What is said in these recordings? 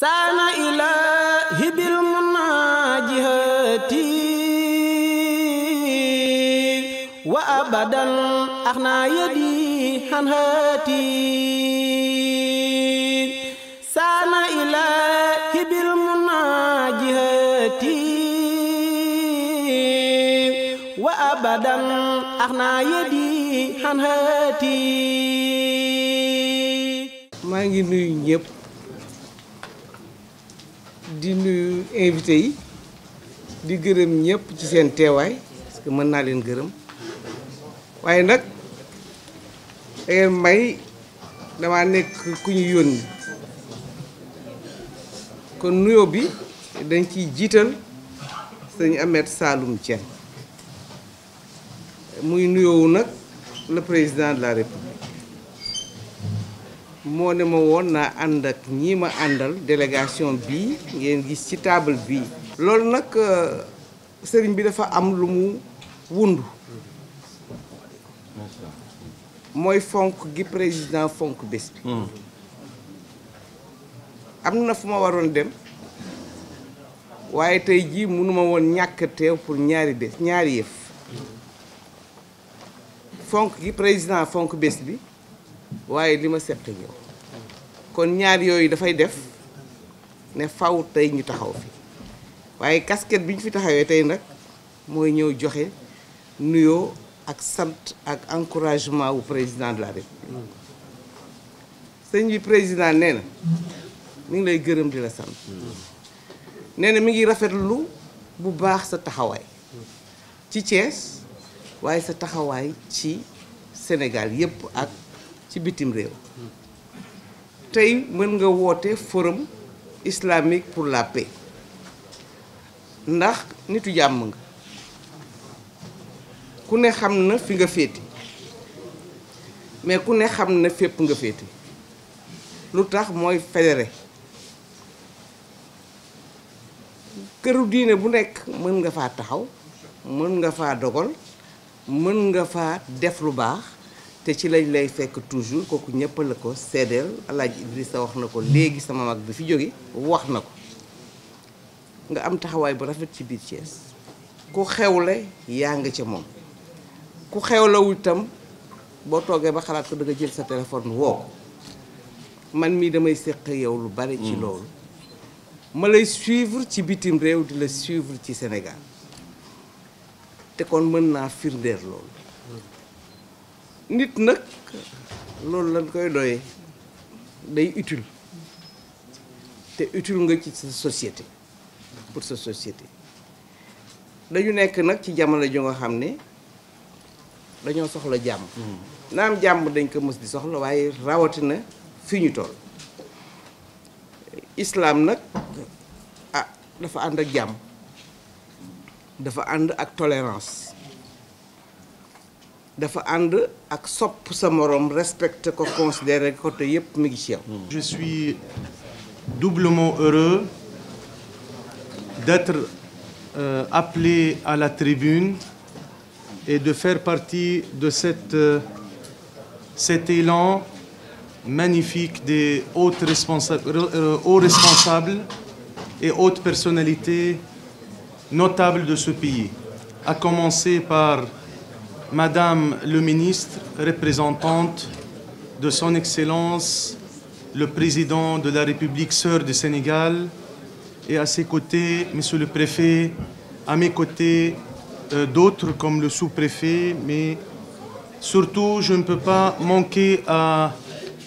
saana ilaahi bil munaajihati wa abadan axnaa yadi han hati saana ilaahi bil munaajihati wa abadan axnaa yadi han hati di nuyu invité yi di gërëm ñëpp ci seen teewaay parce que mën naa leen gërëm waaye nag da ngeen may dama nekk ku ñu yónni kon nuyoo bi dañ ciy jiital sëñ Ahmed Saloum Dieng muy nuyoowu nag le président de la République moo ne ma woon naa ànd ak ñi ma àndal délégation bii ngeen gis ci taabal bii. loolu nag euh, sëriñ bi dafa am lu mu wundu mooy fonk gi président fonk bés bi. Hmm. am na fu ma waroon dem waaye tey jii mënuma woon ñàkk teew pour ñaari bés ñaari yëf fonk gi président fonk bés bi. waaye li ma seq ñëw kon ñaar yooyu dafay def ne faw tey ñu taxaw fi waaye casquette bi ñu fi taxawee tey nag mooy ñëw joxe nuyoo ak sant ak encouragement wu président de la république sëñ bi président nee na mi ngi lay gërëm di la sant nee na mi ngi rafetlu bu baax sa taxawaay ci Thiès waaye sa taxawaay ci Sénégal yépp ak ci bitim réew tey mën nga woote forum islamique pour la paix ndax nitu jàmm nga ku ne xam na fi nga féete mais ku ne xam na fépp nga féete lu tax mooy fédéré këru diine bu nekk mën nga faa taxaw mën nga faa dogal mën nga faa def lu baax te ci lañ lay fekk toujours kooku ñëpp la seddeel seedeel Alaaji sa wax na ko léegi sama mag bi fi jóge wax na ko nga am taxawaay bu rafet ci biir Thiès ku xewle yaa nga ci moom ku xewlewul itam boo toogee ba xalaat ko danga jël sa téléphone woo ko man mii damay séq yow lu bari ci hmm. loolu ma lay suivre ci bitim réew di la suivre ci Sénégal te kon mën naa firndeer loolu nit nag loolu lañ koy doyee day utile te utile nga ci sa société pour sa société dañu nekk nag ci jamono ju nga xam ne dañoo soxla jàmm mm-hmm. naam jàmm dañ ko mës di soxla waaye rawatina fi ñu toll islaam nag ah dafa ànd ak jàmm dafa ànd ak tolérance Je suis doublement heureux d'être euh, appelé à la tribune et de faire partie de euh, cet élan magnifique des hautes euh, hauts responsables et hautes personnalités notables de ce pays, à commencer par Madame le ministre, représentante de Son Excellence, le président de la République sœur du Sénégal, et à ses côtés, Monsieur le préfet, à mes côtés, euh, d'autres comme le sous-préfet, mais surtout, je ne peux pas manquer à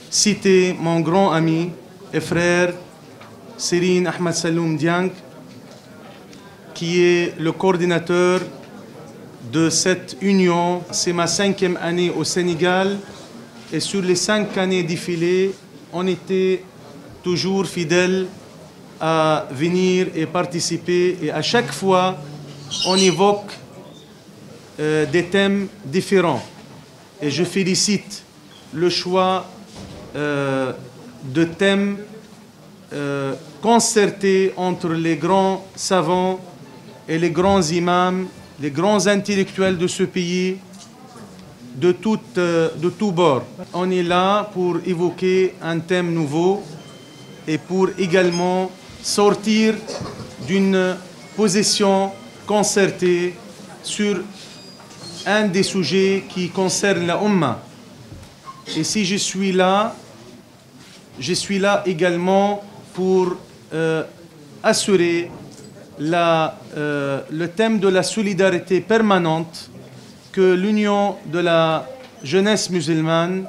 citer mon grand ami et frère, Sérine Ahmad Saloum Diang, qui est le coordinateur de cette union. C'est ma cinquième année au Sénégal et sur les cinq années défilées, on était toujours fidèles à venir et participer et à chaque fois, on évoque euh, des thèmes différents. Et je félicite le choix euh, de thèmes euh, concertés entre les grands savants et les grands imams les grands intellectuels de ce pays, de, tout, euh, de tous bords. On est là pour évoquer un thème nouveau et pour également sortir d'une position concertée sur un des sujets qui concerne la Oumma. Et si je suis là, je suis là également pour euh, assurer euh, le thème de la solidarité permanente que l'Union de la jeunesse musulmane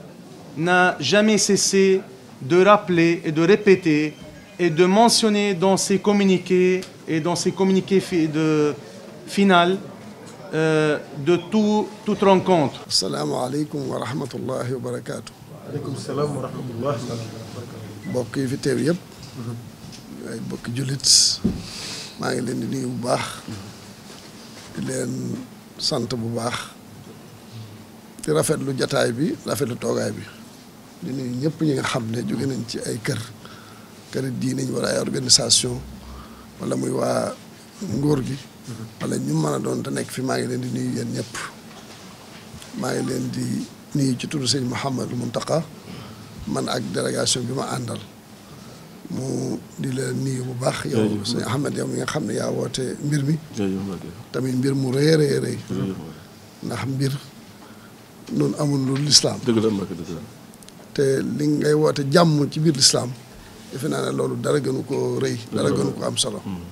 n'a jamais cessé de rappeler et de répéter et de mentionner dans ses communiqués et dans ses communiqués fi de final euh, de toute rencontre. wa wa wa wa maa ngi leen di nuyu bu baax di leen sant bu baax di rafetlu jataay bi rafetlu toogaay bi di nuyu ñëpp ñu nga xam ne jóge nañ ci ay kër kër diine wala ay organisation wala muy waa nguur gi wala ñu mën a doon te nekk fi maa ngi leen di nuyu yéen ñëpp maa ngi leen di nuyu ci turu sëñ Mouhamadou Mountakha man ak délégation bi ma àndal mu di la nuyu bu baax. yow sëñ Ahmed yow mi nga xam ne yaa woote mbir mi. tamit mbir mu rëy rëy rëy ndax mbir noonu amul lu lislaam te li ngay woote jàmm ci biir lislaam defe naa ne loolu dara gënu ko rëy. dara gënu ko am solo. Hmm.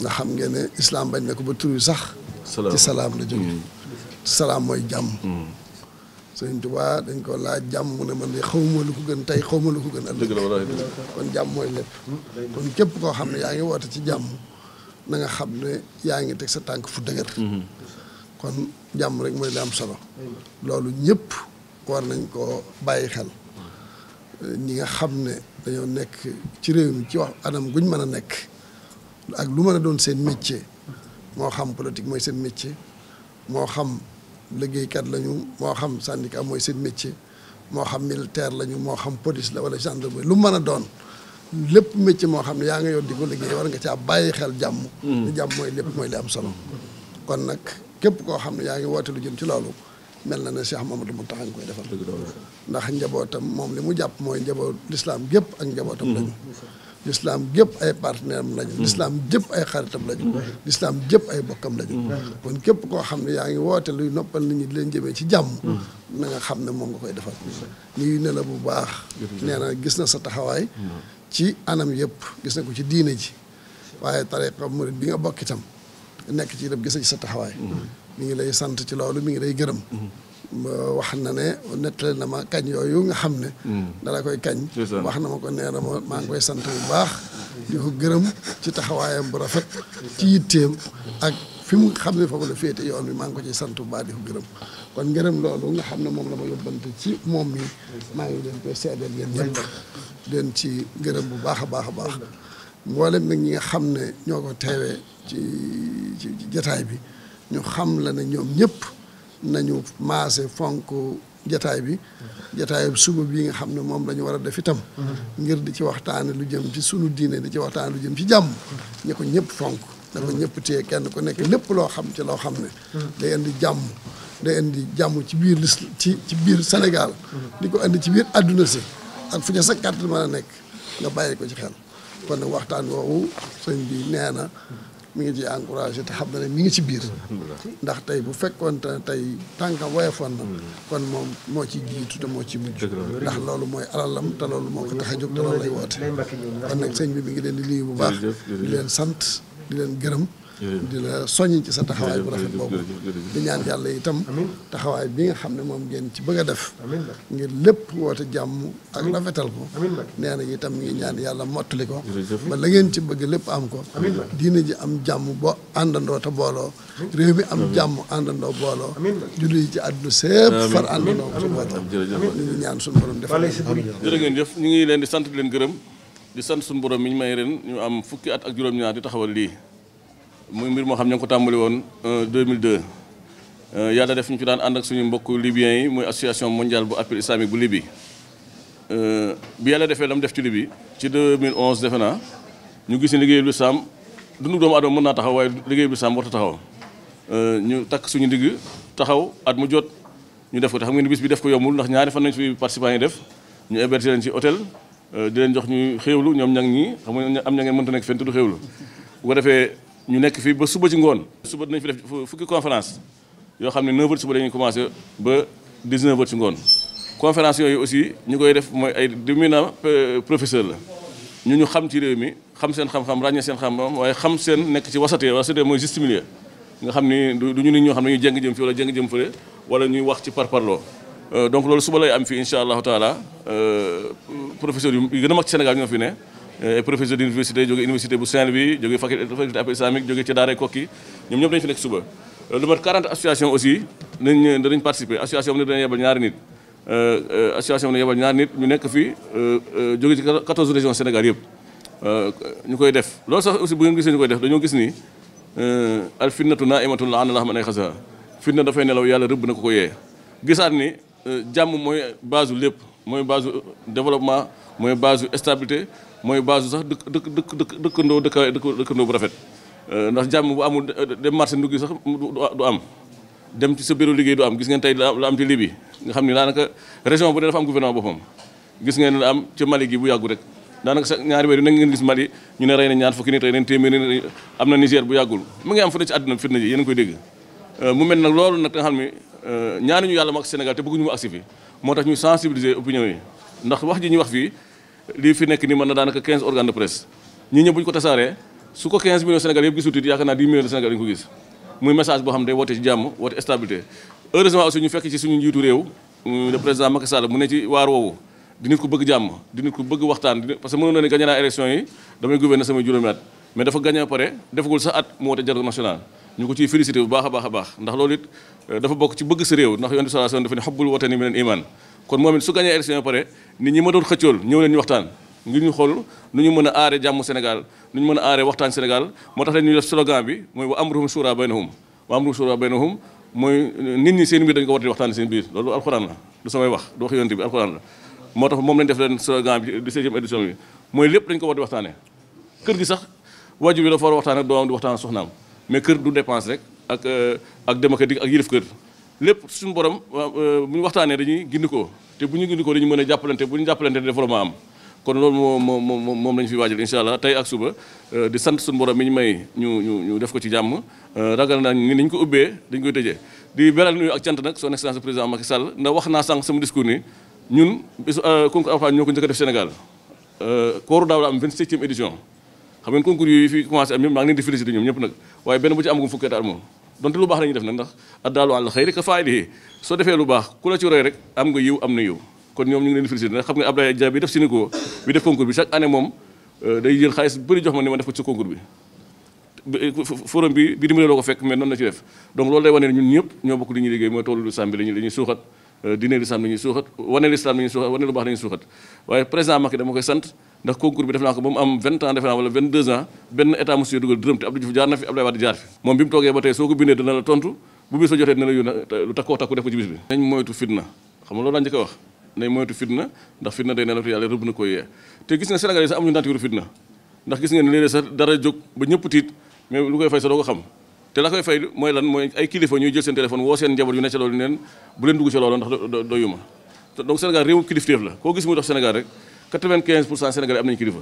ndax xam ngeen ne islam bañ na ko ba tur wi sax. ci salaam la jógee. Hmm. salaam mooy jàmm. Hmm. sëñ Tuubaa dañ ko laaj jàmm mu ne man de xaw ma lu ko gën tey xaw ma lu ko gën a ëllëg kon jàmm mooy lépp kon képp koo xam ne yaa ngi woote ci jàmm na nga xam ne yaa ngi teg sa tànk fu dëgër mhm. kon jàmm rek mooy li am solo loolu ñëpp war nañ koo bàyyi xel ñi nga xam ne dañoo nekk ci réew mi ci wax anam guñ mën a nekk ak lu mën a doon seen métier moo xam politique mooy seen métier moo xam liggéeykat lañu moo xam syndicat mooy seen métier moo xam militaire lañu moo xam police la wala gendarmerie lu mën a doon lépp métier moo xam ne yaa ngi yor di ko liggéey war nga caa bàyyi xel jàmm. Mm. li jàmm mooy lépp mooy li am solo. kon nag képp koo xam ne yaa ngi woote lu jëm ci loolu mel na ne Cheikh Mamadou Mountakha nga koy defal. ndax njabootam moom li mu jàpp mooy njaboot lislaam gépp ak njabootam lañu. Mm. l'islam jëpp ay partenaire am lañu l'islam jëpp ay xaritam lañu l'islam jëpp ay bokkam lañu kon képp koo xam ne yaa ngi woote luy noppal nit ñu di leen jëmee ci jàmm na nga xam ne moom nga koy defal nuyu ne la bu baax nee na gis na sa taxawaay ci anam yëpp gis na ko ci diine ji waaye tariqa murid bi nga bokk itam nekk ci lépp gis ci sa taxawaay mu ngi lay sant ci loolu mi ngi lay gërëm ma wax na ne nettali na ma kañ yooyu nga xam ne. Mm. dala koy kañ. wax na ma ko nee na ma maa ngi koy sant bu baax. di ko gërëm ci taxawaayam bu rafet. ci yitteem ak fi mu xam ne foofu la féete yoon bi maa ngi ko ciy sant bu baax di gërëm kon ngërëm loolu nga xam ne moom la ma yóbbante ci moom mi maa ngi leen koy seedeel yéen ñëpp. leen ci gërëm bu baax a baax a baax mboolem nag ñi nga xam ne ñoo ko teewee ci ci jataay bi ñu xam la ne ñoom ñëpp. nañu maase fonk jataay bi jataayub suba bii nga xam ne moom la ñu war a def itam ngir di ci waxtaane lu jëm ci sunu diinee di ci waxtaan lu jëm ci jàmm ñi ko ñëpp fonk da ko ñëpp téye kenn ku nekk lépp loo xam ci loo xam ne day indi jàmm day indi jàmm ci biir lis ci ci biir Sénégal di ko indi ci biir àdduna si ak fu ñu sa kàttan mën a nekk nga bàyyi ko ci xel kon waxtaan woowu sëñ bi nee na mi ngi ci encouragé te xam na ne mi ngi ci biir ndax tey bu fekkoon fekkoonte ne tey tànkam woyofoon na mm. kon moom moo ci jiitu te moo ci mujj ndax loolu mooy alalam te loolu moo ko tax a jóg te loolu lay woote kon nag sëñ bi mi ngi leen di nuyu bu baax di leen sant di leen gërëm di la soññ ci sa taxawaay bu rafet boobu di ñaan yàlla itam taxawaay bi nga xam ne moom ngeen ci bëgg a def ngir lépp woote jàmm ak rafetal ko nee na itam ngi ñaan yàlla mottali ko ba la ngeen ci bëgg lépp am ko diine ji am jàmm boo àndandoo te booloo réew mi am jàmm àndandoo booloo julli yi ci àdduna sépp far àndandoo su boota ñu ngi ñaan suñu borom def jërë ngeen jëf ñu ngi leen di sant di leen gërëm di sant suñu borom mi ñu may ren ñu am fukki at ak juróom-ñaar di taxawal lii muy mbir moo xam ñu ngi ko tàmbali woon 2002 euh, euh, yàlla def ñu ci daan ànd ak suñu mbokku libyens yi muy association mondiale bu appel islamique bu Libye. Euh, bi yàlla defee la mu def ci Libye ci 2011 defe naa ñu gis ne liggéeyu lislaam dundu doomu aadama mën naa taxaw waaye liggéeyu lislaam warta taxaw ñu takk suñu digg taxaw at mu jot ñu def ko te xam ngeen bis bi def ko yombul ndax ñaari fan nañ fi participants yi def ñu héberger leen ci hôtel di leen jox ñu xéewlu ñoom ñang ñi xam am na ngeen mënta nekk fenn tudd ñu nekk fii ba suba ci ngoon suba dinañ fi def fukki conférence yoo xam ne 9h suba dañuy commencé ba 19h ci ngoon conférence yooyu aussi ñu koy def mooy ay dominant euh, professeur la ñu ñu xam ci réew mi xam seen xam-xam ràññee seen xam-xam waaye xam seen nekk ci wasatee wasatee mooy juste milieu nga xam ni du ñu ni ñoo xam ne ñu jeng jëm fii wala jeng jëm fële wala ñuy wax ci parparloo euh, donc loolu suba lay am fii incha allahu taala euh, professeur yu gën a mag ci Sénégal ñoo fi ne ay eh, professeur d'université jóge université bu Saint-Louis jóge faculté appel islamique jóge ci daaray Kokki ñoom ñëpp dañu fi nekk suba eh, lu mat 40 association aussi nañ danañ participer association bi ne dana yebal nit eh, association bi ne yebal ñaari nit ñu nekk fi jóge ci 14 régions Sénégal yëpp ñu koy def loolu sax aussi bu ngeen gisee ñu koy def dañoo gis ni al fitnatu naa imatun la an la xam ay xasa fitna dafay nelaw yàlla rëbb na ko ko yee gisaat ni jàmm mooy base lépp mooy base développement mooy base stabilité moy base sax deuk deuk deuk deuk ndo deuk deuk deuk ndo bu rafet euh, ndax jamm bu amul euh, dem marché ndugg sax du am dem ci sa bureau liguey du am gis ngeen tay la am ci libi nga xamni la naka région bu dafa am gouvernement bopam gis ngeen la am ci Mali gi bu yagu rek da naka ñaari weer yu ngeen gis Mali ñu ne reyna ñaar fukki nit reyna témé téeméeri amna Niger bu yagul mu ngi am fu ci aduna fitna ji yeen a koy dégg euh, mu mel nak loolu nak nga xamni ñaanu ñu yalla mak ak Sénégal bëggu ñu mu agsi fi motax ñu sensibiliser opinion yi ndax wax ji ñu wax fi li fi nek ni mën danaka 15 organes de presse ñi ñëpp buñ ko tassaré su ko 15 millions Sénégal yëpp gisuti yakana 10 millions Sénégal dañu ko gis muy message bo xam ne day woote ci jamm woté stabilité heureusement aussi ñu fekk ci suñu njiitu réew le président Macky Sall mu ne ci war wowo di nit ko bëgg jamm di nit ko bëgg waxtaan parce que mënoon na ne gagné naa élection yi damay gouverner sama juróomi at mais dafa gagné paré pare defagul sax at mo woote dialogue national ñu ko ci féliciter bu baaxa baaxa baax ndax loolu euh, dafa bok ci bëgg sa réew ndax sallallahu alayhi wasallam dafa ni hubbul watani minal iman kon moom su gagné élection paré nit ñi ma doon xëccool ñëw leen ñu waxtaan ngir ñu xool nu ñu mën a aare jàmm Sénégal nu ñu mën a aare waxtaan Sénégal moo tax leen ñuy def slogan bi mooy wa amruhum mooy nit ñi seen biir ko di waxtaan seen biir loolu alxuraan la du moom lañ def leen slogan bi di septième édition mooy lépp dañu ko war di waxtaanee kër gi sax waajur bi la war a doo ak doomam di waxtaan soxnaam mais kër du dépense rek ak euh, ak démocratique ak yilif kër lépp suñu borom euh, euh, bu ñu waxtaanee dañuy gindikoo te bu ñu gindikoo dañu mën a jàppalante bu ñu jàppalante développement am kon loolu moo moo moo moom la ñu fi waajal incha allah tey ak suba euh, di sant suñu borom mi ñu may ñu ñu ñu def ko ci jàmm ragal naa ni ñu ko ubbee dañ koy tëjee di beral nuyu ak cant nag son excellence président Macky Sall ndax wax naa sànq sama discours ni ñun bisu concours Alpha ñoo ko njëkk a def Sénégal kooru daaw la am 27e édition xam ngeen concours yooyu fi commencé am ñëpp maa ngi di félicité ñoom ñëpp nag waaye benn dont lu baax la ñuy def nag ndax addaalu àll xëy rek a faaydi soo defee lu baax ku la ci roy rek am nga yiw am na yiw kon ñoom ñu ngi leen félicité nag xam nga Abdoulaye Dia bi def Sénico bi def concours bi chaque année moom euh, def ko ci concours bi euh, forum bi bi dimbale loo ko fekk mais noonu la ci def donc loolu day wane ne ñun ñëpp ñoo bokk li ñuy liggéey mooy toolu lislaam bi lañuy suuxat euh, diine lislaam la ñuy suuxat wane lislaam la ñuy suuxat wane lu baax la ñuy suuxat waaye président Macky dama koy sant ndax concours bi def naa ko ba mu am 20 ans defe naa wala 22 ans benn état monsieur jaar na fi Abdoulaye Wade jaar fi moom bi mu toogee ba tey soo ko bindee dana la tontu bu bis sa jotee dina ndax na ko gis nga Sénégal yi sax dara jóg ba ñëpp tiit mais lu koy fay sa doo ko xam te la koy fay mooy lan mooy ay kilifa ñuy jël seen téléphone woo seen njaboot yu ne ca loolu neen bu leen dugg ca loolu ndax doyuma donc Sénégal réewu kilifteef la koo gis muy dox Sénégal rek 95 pour cent sénégalais am nañu kilifa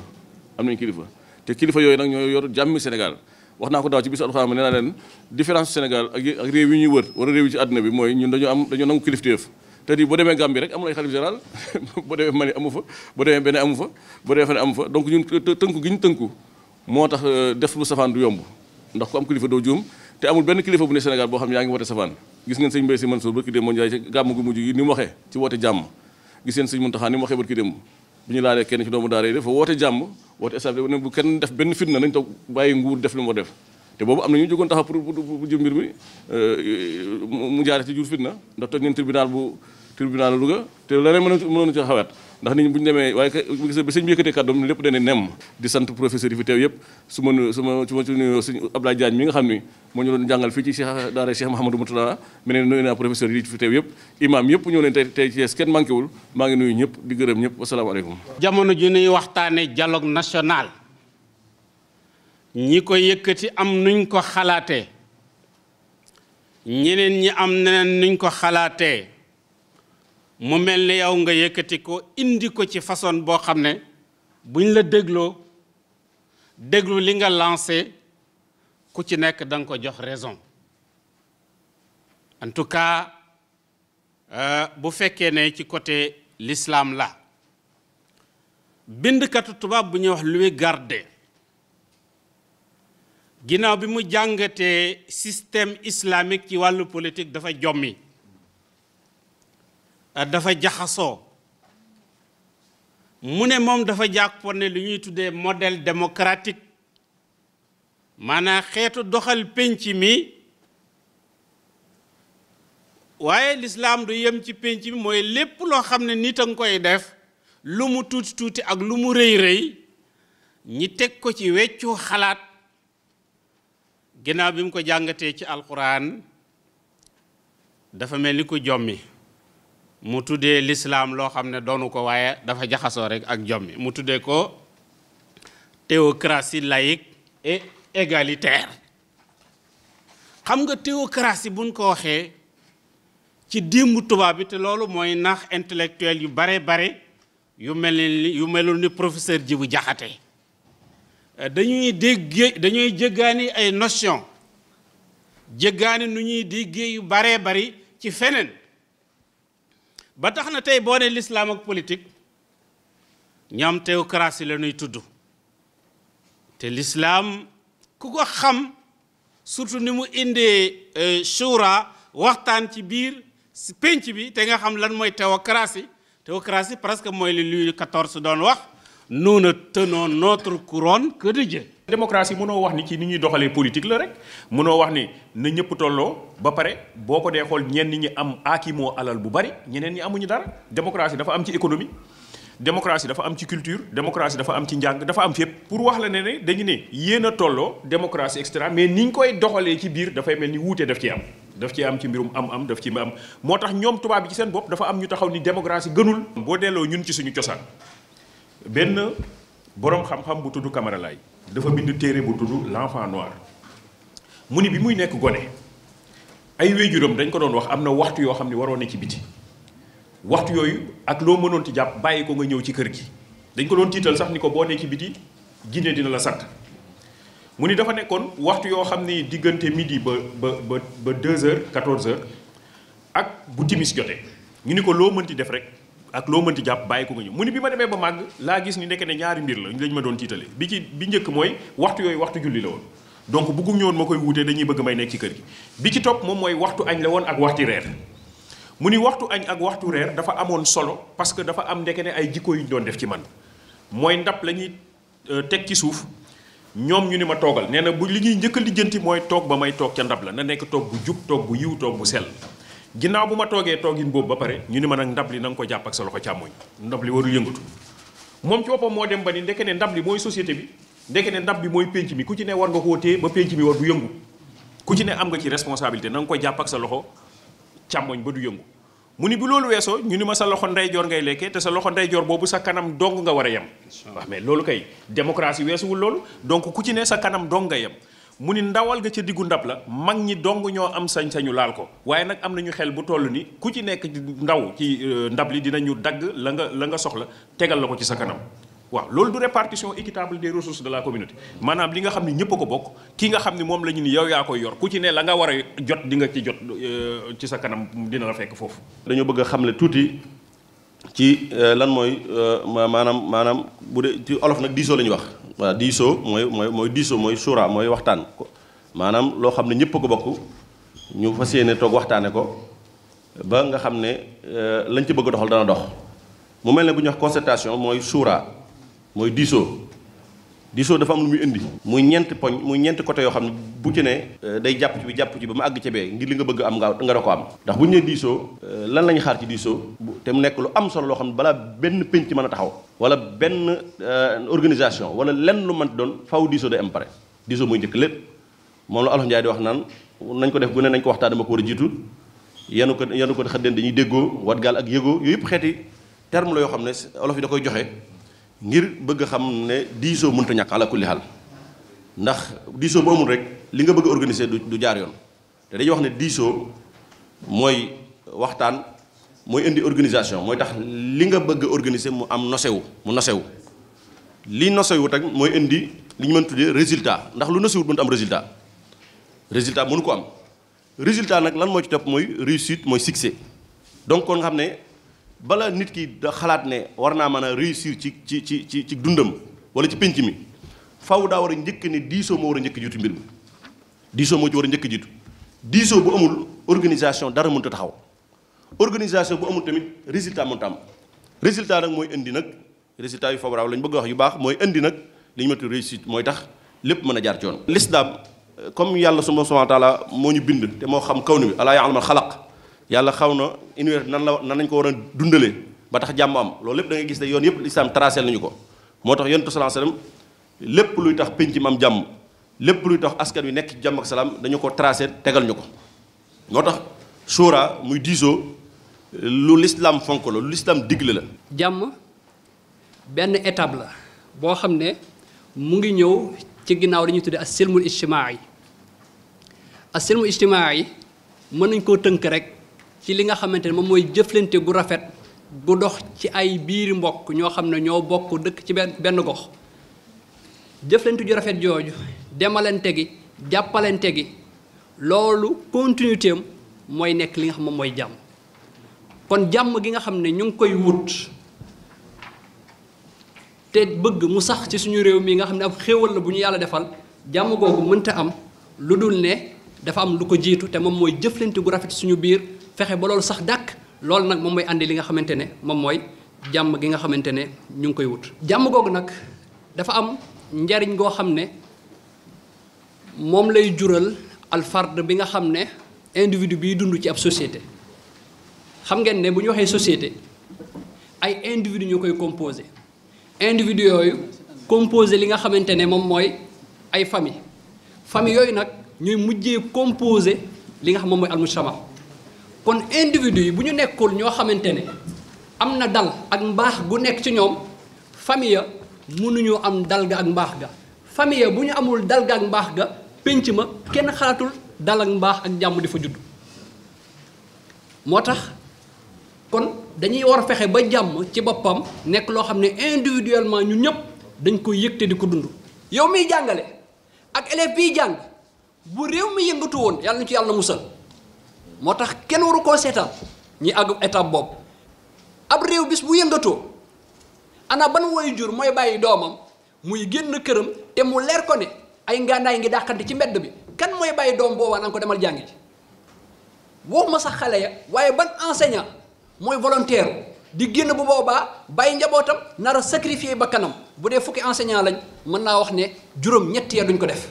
am nañu kilifa te kilifa yooyu nag ñoo yor jàmmi Sénégal wax naa ko daaw ci bisu alxuraan bi nee naa leen différence Sénégal ak ak réew yi ñuy wër wala réew yi ci àdduna bi mooy ñun dañoo am dañoo nangu kilifteef te di boo demee Gambie rek amul ay xalif général boo demee Mali amu fa boo demee benn amu fa boo demee feneen amu fa donc ñun tënku gi ñu tënku moo tax euh, def lu safaan du yomb ndax ku am kilifa doo juum te amul benn kilifa bu boo xam ne yaa ngi woote safaan gis ngeen sëñ bi ñu laalee kenn ci doomu daara yi dafa woote jàmm woote staff ne bu kenn def benn fitna nañ toog bàyyi nguur def li mu war def te boobu am na ñu jógoon taxaw pour bu jëm mbir mi euh, mu jaare ci jur fitna ndax toog ngeen tribunal bu tribunal Louga te leneen mënoon ci xawaat ndax niñ bu démé way waaye sëñ bi yëkkatee kàddoom lépp dana nem di sant professeur yi fi teew yëpp suma suma suma ma su ci nuyoo sëñ Abdoulaye Diagne mi nga xamni mo ñu doon jàngal fi ci Cheikh daara Cheikh Mahamadou Moutala mi nuyu na professeur yi fi teew yëpp imam yëpp ñëw leen tay ci Thiès kenn wul ma ngi nuyu ñëpp di gërëm ñëpp alaykum jamono ji ñuy waxtaane dialogue national ñi ko yëkëti am nuñ ko xalaté ñeneen ñi am neneen nuñ ko xalaatee mu mel ni yow nga yëkkati ko indi ko ci façon boo xam ne buñ la dégloo déglu li nga lancé ku ci nekk da nga ko jox raison en tout cas euh, bu fekkee ne ci côté lislaam la bindkatu tubaab bu ñuy wax Louis garde ginnaaw bi mu jàngatee système islamique ci wàllu politique dafa jommi dafa jaxasoo mu ne moom dafa jàpp ne lu ñuy tuddee modèle démocratique maanaam xeetu doxal pénc mi waaye lislaam du yam ci pénc mi mooy lépp loo xam ne nit a koy def lu mu tuuti tuuti ak lu mu rëy rëy ñi teg ko ci weccu xalaat ginnaaw bi mu ko jàngatee ci alxuraan dafa mel ni ku jommi mu tuddee lislaam loo xam ne doonu ko waaye dafa jaxasoo rek ak jommi mu tuddee ko théocratie laïque et égalitaire xam nga théocratie buñ ko waxee ci démb tubaab bi te loolu mooy nax intellectuel yu bare bare yu mel ni yu melul ni professeur Djibou Diakhaté euh, dañuy dégg dañuy jéggaani ay notion jéggaani nu ñuy déggee yu baree bari ci feneen ba tax na tey boo ne lislaam ak politique ñoom théocratie la nuy tudd te lislaam ku ko xam surtout ni mu indee euh, shura waxtaan ci biir pénc bi te nga xam lan mooy théocratie théocratie presque mooy li Louis quatorze doon wax nous ne tenons notre couronne que de Dieu. démocratie mëno wax ni ci ni ñi doxalee politique la rek mëno wax ni na ñëpp tolo ba paré boko dé xol ñen ñi am akimo alal bu bari ñeneen ñi amuñu dara démocratie dafa am ci économie démocratie dafa am ci culture démocratie dafa am ci njang dafa am fépp pour wax la né né dañu ne yéna tolo démocratie etc mais niñ koy doxalee ci bir da fay melni daf ci am daf ci am ci mbirum am am daf ci am motax ñom tuba bi ci seen bop dafa am ñu taxaw ni démocratie gënul bo lo ñun ci suñu cosaan benn boroom xam-xam bu tudd Camara Laye dafa bind téere bu tudd l'enfant noir mu ni bi muy nekk gone ay wéjuram dañ ko doon wax am na waxtu yoo xam ne waroon na ci biti waxtu yooyu ak loo mënoon ci jàpp bàyyi ko nga ñëw ci kër gi dañ ko doon tiital sax ni ko boo ne ci biti jinne dina la sant mu ni dafa nekkoon waxtu yoo xam ni diggante midi ba ba ba ba 2 heures 14 ak bu timis jotee ñu ni ko loo mënti def rek ak loo mënti japp bàyyi ko nga ñëw mu ni bi ma demee ba mag la gis ni nek ne ñaari mbir la lañ ma doon titalé bi ci bi ñëk moy waxtu yoy waxtu julli la won donc bu gum ma makoy wuté dañuy bëgg may nek ci kër gi bi ci top mom moy waxtu añ la won ak waxti rër mune waxtu añ ak waxtu rër dafa amone solo parce que dafa am nek ne ay jikko yuñ doon def ci man moy ndap lañuy euh, tek ci suuf ñom ñu ni ma togal néna bu li ñuy ñëkkal di jënti moy tok ba may tok ci ndab la na nek tok bu tok bu yiw tok bu sel ginnaaw bu ma toogee toogin boobu ba pare ñu ni ma nag ndab li na ko jàpp ak sa loxo càmmoñ ndab li warul yëngatu moom ci boppam moo dem ba ni ndeke ne ndab li mooy société bi ndeke ne ndab bi mooy penc mi ku ci ne war nga koo téye ba pénc mi war du yëngu ku ci ne am nga ci responsabilité na nga ko jàpp sa loxo càmmoñ ba du yëngu mu ni bu loolu weesoo ñu ni ma sa loxo ndeyjoor ngay lekkee te sa loxo ndeyjoor boobu sa kanam dong nga war a yem. waaw mais loolu kay démocratie weesuwul loolu donc ku ci ne sa kanam dong nga yem. mu ni ndawal ga ca diggu ndab la mag ñi dong ñoo am sañ-sañu laal ko waaye nag am na ñu xel bu toll ni ku ci nekk ndaw ci euh, ndab li dinañu dagg la nga la nga soxla tegal la ko ci sa kanam waaw loolu du répartition équitable de ressources de la communauté maanaam li nga xam ne ñëpp ko bokk ki nga xam ni moom la ñu ni yow yaa koy yor ku ci ne la nga war a jot di nga ci jot euh, ci sa kanam dina la fekk foofu dañoo bëgg xam ne tuuti ci euh, lan mooy maanaam maanaam bu dee olof nag diisoo la ñu wax voilà diisoo mooy mooy mooy diisoo mooy suura mooy waxtaan ko maanaam loo xam ne ñëpp a ko bokk ñu fas yéene toog waxtaane ko ba nga xam ne euh, lañ ci bëgg doxal dana dox mu mel ne bu ñuy wax concertation mooy suura mooy diisoo diisoo dafa am lu muy indi muy ñeenti poñ muy ñeenti côté yoo xam ne bu ci ne euh, day jàpp ci bi jàpp ci ba mu àgg cebee bee ngir li nga bëgg am nga nga da ko am ndax bu ñu nee diisoo euh, lan lañu xaar ci diisoo te mu nekk lu am solo loo xam ne balaa benn pénc mën a taxaw wala benn euh, organisation wala lenn lu mënti doon faw diisoo day am pare diisoo muy njëkk lépp moom la Olof Njaay di wax naan nañ ko def gu nañ ko waxtaan dama ko war a jiitu yanu ko yanu ko xëy dañuy déggoo wat gaal ak yëgoo yëpp xeeti terme yoo xam ne olof yi da koy joxe ngir bëgg xam ne diisoo mënut a ñàkk ala kulli xaal ndax diisoo bu amul rek li nga bëgg organiser du jaar yoon te dañuy wax ne diisoo mooy waxtaan mooy indi organisation mooy tax li nga bëgg organiser mu am nosewu mu nosewu li nosewu tak mooy indi li ñu mën tuddee résultat ndax lu nosewut mënut am résultat résultat mënu ko am résultat nag lan moo ci topp mooy réussite mooy succès donc kon nga xam ne bala nit ki da xalaat ne war naa mën a réussir ci ci ci ci ci dundam wala ci pénc mi faw daa war a njëkk ni diisoo moo war a njëkk jiitu mbir mi diisoo moo ci njëkk jiitu diisoo bu amul organisation dara mënut taxaw organisation bu amul tamit résultat mënut tam résultat nag mooy indi nag résultat yu favorable la ñu bëgg wax yu baax mooy indi nag li ñu matu réussite mooy tax lépp mën a jaar ci yoon. l'islam comme yàlla suma wa taala moo ñu bind te moo xam kaw ni bi alaa ya'lamu xalaq yàlla xaw na univers nan la nan lañ ko war a dundalee ba tax jàmm am loolu lépp da gis ne yoon yëpp lislaam tracé nañu ko moo tax yonent sallallahu alayhi wasallam lépp luy tax pénc mam jàmm lépp luy tax askan wi nekk ci jàmm ak salaam dañu ko tracé tegal ñu ko moo tax suura muy diisoo lu lislaam fonk la lu lislaam digle la jàmm benn étape la boo xam ne mu ngi ñëw ci ginnaaw dañuy tuddee as silmul ijtimaa yi as silmul ijtimaa yi mën nañ koo tënk rek ci li nga xamante ne moom mooy jëflante bu rafet bu dox ci ay biir mbokk ñoo xam ne ñoo bokk dëkk ci benn benn gox jëflante ju rafet jooju demalante gi jàppalante gi loolu continuité mooy nekk li nga xam moom mooy jàmm kon jàmm gi nga xam ne ñu ngi koy wut te bëgg mu sax ci suñu réew mii nga xam ne ab xéewal la bu ñu yàlla defal jàmm googu mënta am lu dul ne dafa am lu ko jiitu te moom mooy jëflante gu rafet suñu biir fexe ba loolu sax dàq loolu nag moom mooy andi li nga xamante ne moom mooy jàmm gi nga xamante ne ñu ngi koy wut. jàmm googu nag dafa am njariñ goo xam ne moom lay jural alfard bi nga xam ne individu biy dund ci ab société xam ngeen ne bu ñu waxee société ay individu ñu koy composé individu yooyu composé li nga xamante ne moom mooy ay famille famille yooyu nag ñuy mujjee composé li nga xam moom mooy almujtama kon individu yi bu ñu nekkul ñoo xamantene ne am na dal ak mbaax gu nekk ci ñoom famille ya mënuñu am dal ga ak mbaax ga famille ya bu amul dal ga ak mbaax ga penc ma kenn xalatul dal ak mbaax ak jàmm di fa judd motax kon dañuy war fexé ba jàmm ci boppam nekk loo xam ne individuellement ñun ñëpp dañ koy yëg di ko dund yow mi jàngale ak élève bi jàng bu réew mi yëngatu woon yalla ñu ci yalla musal moo tax kenn waru koo seetal ñi àgg étape boobu ab réew bis bu yëngatoo ana ban woyu jur mooy bàyyi doomam muy génn këram te mu leer ko ne ay ngànnaay ngi dàqante ci mbedd bi kan mooy bàyyi doom boobaa na nga ko demal jàngi ci ma sax xale ya waaye ban enseignant mooy volontaire di génn bu boobaa bàyyi njabootam nara a sacrifier ba kanam bu dee fukki enseignant lañ mën naa wax ne juróom ñett ya duñ ko def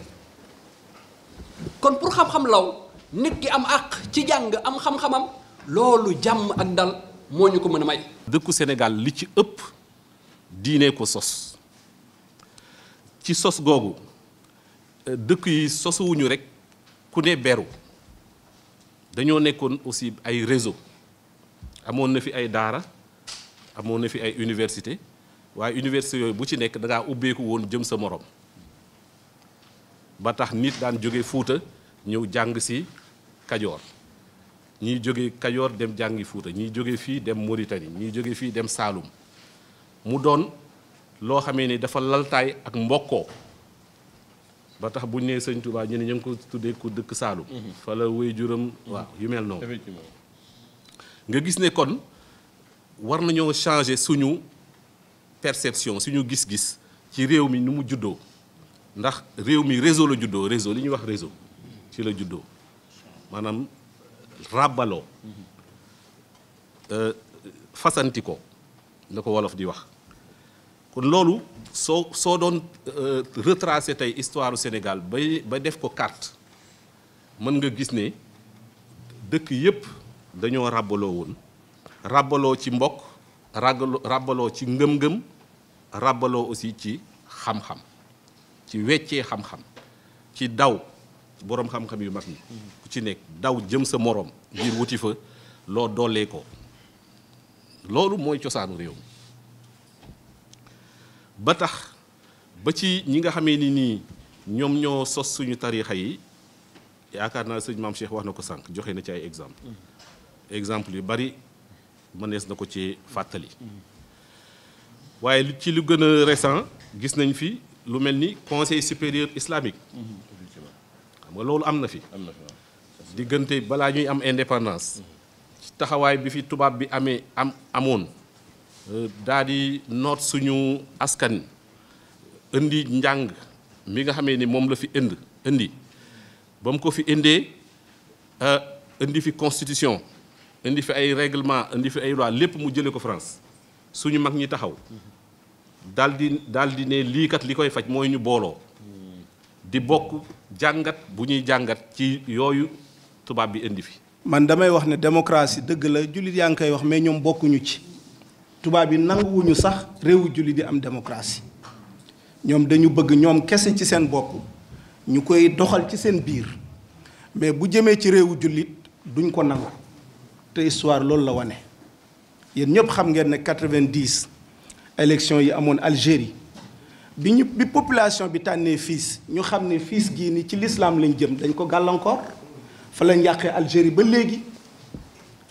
kon pour xam-xam law nit ki am àq ci jàng am xam-xamam loolu jàmm ak dal moo ñu ko mën a may. dëkku senegal li ci ëpp diine ko sos ci sos googu dëkk yi sosuwuñu rek ku ne beru dañoo nekkoon aussi ay réseau amoon na fi ay daara amoon na fi ay université waaye université yooyu bu ci nekk dangaa ngaa ubbeeku woon jëm sa moroom ba tax nit daan jóge Fuuta ñëw jàng si. Kajoor ñuy jóge Kajoor dem jàngi Fuuta ñuy jóge fii dem Mauritanie ñuy jóge fii dem Saalum mu doon loo xamee ni dafa laltaay ak mbokkoo ba tax buñ nee sëñ Touba ñu ne ñu ngi tuddee ku dëkk Saalum. Mhm. fa la juram waaw yu mel noonu. nga gis ne kon war nañoo changer suñu perception suñu gis-gis ci réew mi nu mu juddoo ndax réew mi réseau la juddoo réseau li ñuy wax réseau ci la juddoo. maanaam ràbbaloo euh, fasanti ko na ko wolof di wax kon loolu soo soo doon euh, retracer tey histoire Sénégal bay ba def ko carte mën nga gis ne dëkk yépp dañoo ràbbaloo woon ràbbaloo ci mbokk ràggaloo ràbbaloo ci ngëm-ngëm ràbbaloo aussi ci xam-xam ci weccee xam-xam ci daw boroom xam-xam yu mag ñi ku ci nekk daw jëm sa moroom ngir wuti fa loo doolee ko loolu mooy cosaanu réew mi ba tax ba ci ñi nga xamee ni nii ñoom ñoo sos suñu tariixa yi yaakaar naa sëñ maam Cheikh wax na ko sànq joxe na ci ay exemple exemple yu bari mënees na ko ci fàttali waaye ci lu gën a récent gis nañ fi lu mel ni conseil supérieur islamique xam am na fi. am na am indépendance. ci taxawaay bi fi tubaab bi am amoon. Euh, di suñu askan. indi njàng mi nga ni moom fi ind indi ba ko fi indee euh, indi fi constitution indi fi ay règlement indi fi ay loi lépp mu jëlee ko France suñu mag ñi taxaw mm-hmm. daal di ne kat li koy faj ñu di bokk jàngat bu ñuy jàngat ci yooyu tubaab bi indi fi. man damay wax ne démocratie dëgg la jullit yaa ngi koy wax mais ñoom bokkuñu ci tubaab yi nanguwuñu sax réewu jullit yi am démocratie ñoom dañu bëgg ñoom kese ci seen bopp ñu koy doxal ci seen biir mais bu jëmee ci réewu jullit duñ ko nangu te histoire loolu la wane. yéen ñëpp xam ngeen ne 90 élection yi amoon Algérie bi ñu bi population bi tànnee fiis ñu xam ne fiis gii ni ci lislaam lañ jëm dañ ko gàllankoor fa lañ yàqee Algérie ba léegi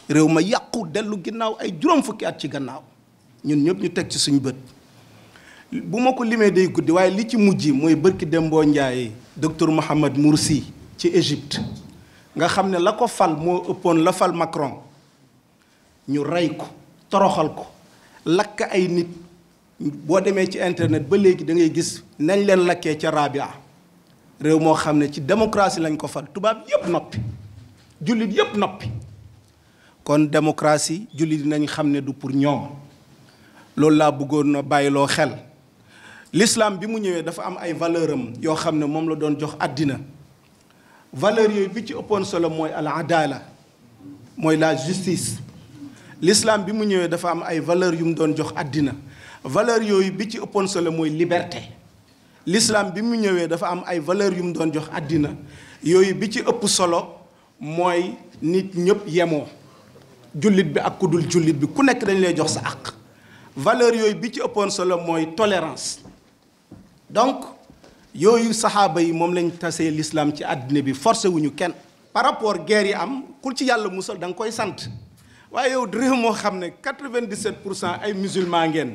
réew ma yàqu dellu ginnaaw ay juróom fukki at ci gannaaw ñun ñëpp ñu teg ci suñu bët bu ma ko limee day guddi waaye li ci mujj mooy bërki Dembo Ndiaye docteur Mohamed Moursi ci Égypte nga xam ne la ko fal moo ëppoon la fal Macron ñu rey ko toroxal ko lakk ay nit boo demee ci internet ba léegi da ngay gis nañ leen lakkee ca Rabia réew moo xam ne ci démocratie lañ ko fa tubaab yëpp noppi jullit yëpp noppi kon démocratie jullit nañ xam ne du pour ñoom loolu laa bëggoon na bàyyi loo xel lislaam bi mu ñëwee dafa am ay valeur am yoo xam ne moom la doon jox àddina valeur yooyu bi ci ëppoon solo mooy al adala mooy la justice l'islam bi mu ñëwee dafa am ay valeur yu mu doon jox àddina valeur yoy bi ci ëppoon solo mooy liberté l'islam bi mu ñëwee dafa am ay valeur yu mu doon jox àddina yooyu bi ci ëpp solo mooy nit ñëpp yemoo jullit bi ak ku dul jullit bi ku nekk dañ lay jox sa àq valeur yooyu bi ci ëppoon solo mooy tolérance donc yooyu saxaaba yi moom lañ tasee l'islam ci àddina bi forcé wuñu kenn par rapport guerre yi am ku ci yàlla musal da nga koy sant waaye yow réew xam ne 97 pour cent ay musulman ngeen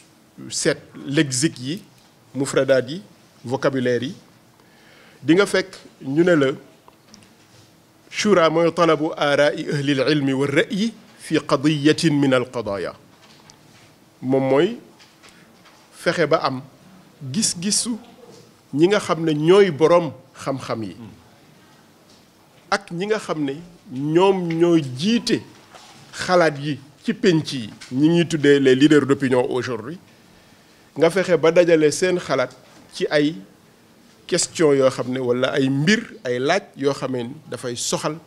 set lexique yi mufradaat yi vocabulaire yi di nga fek ñu ne la shura moy talabu ahli al-ilm wa ra'yi fi qadiyatin min al qadaya mom moy fexé ba am gis-gisu ñi nga xamné ñoy borom xam-xam yi ak ñi nga xamné ñom ñoy jité jiite xalaat yi ci penci ñi ngi tuddee les leaders d'opinion aujourd'hui nga fexe ba dajale seen xalaat ci ay question yo xamné wala ay mbir ay laaj yo xamé da fay soxal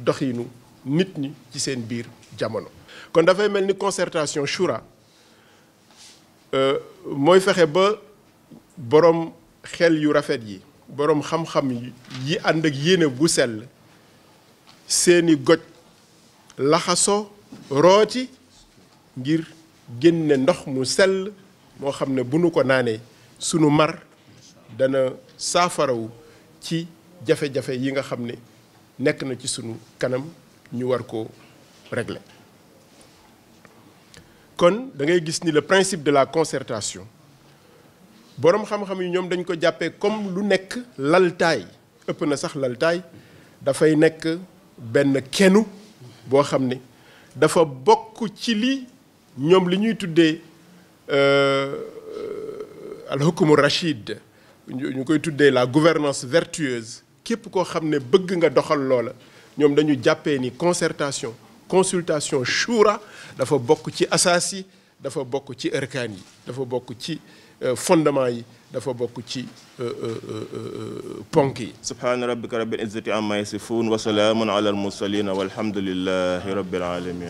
doxinu nit ñi ci seen biir jamono kon da fay melni concertation shura euh moy fexe ba borom xel yu rafet yi borom xam-xam yi ànd ak yene bu sel seeni goj laxaso roti ngir génne ndox mu sel moo xam ne bu nu ko naanee sunu mar dana saafarawu ci jafe-jafe yi nga xam ne nekk na ci sunu kanam ñu war ko régler kon da ngay gis ni le principe de la concertation boroom xam-xam yi ñoom dañ ko jàppee comme lu nekk laltaay ëpp na sax laltaay dafay nekk benn kenu boo xam ne dafa bokk ci li ñoom li ñuy tuddee Euh, euh, al hukumu rachid ñu koy tuddé la gouvernance vertueuse képp ko xamné bëgg nga doxal loola ñom dañu jappé ni concertation consultation shura dafa bokk ci asaas dafa bokk ci ërkaan yi dafa bokk ci euh, fondement yi dafa bokk ci ponki subhan rabbika rabbil izzati amma yasifun wa salamun ala al mursalin walhamdulillahi rabbil alamin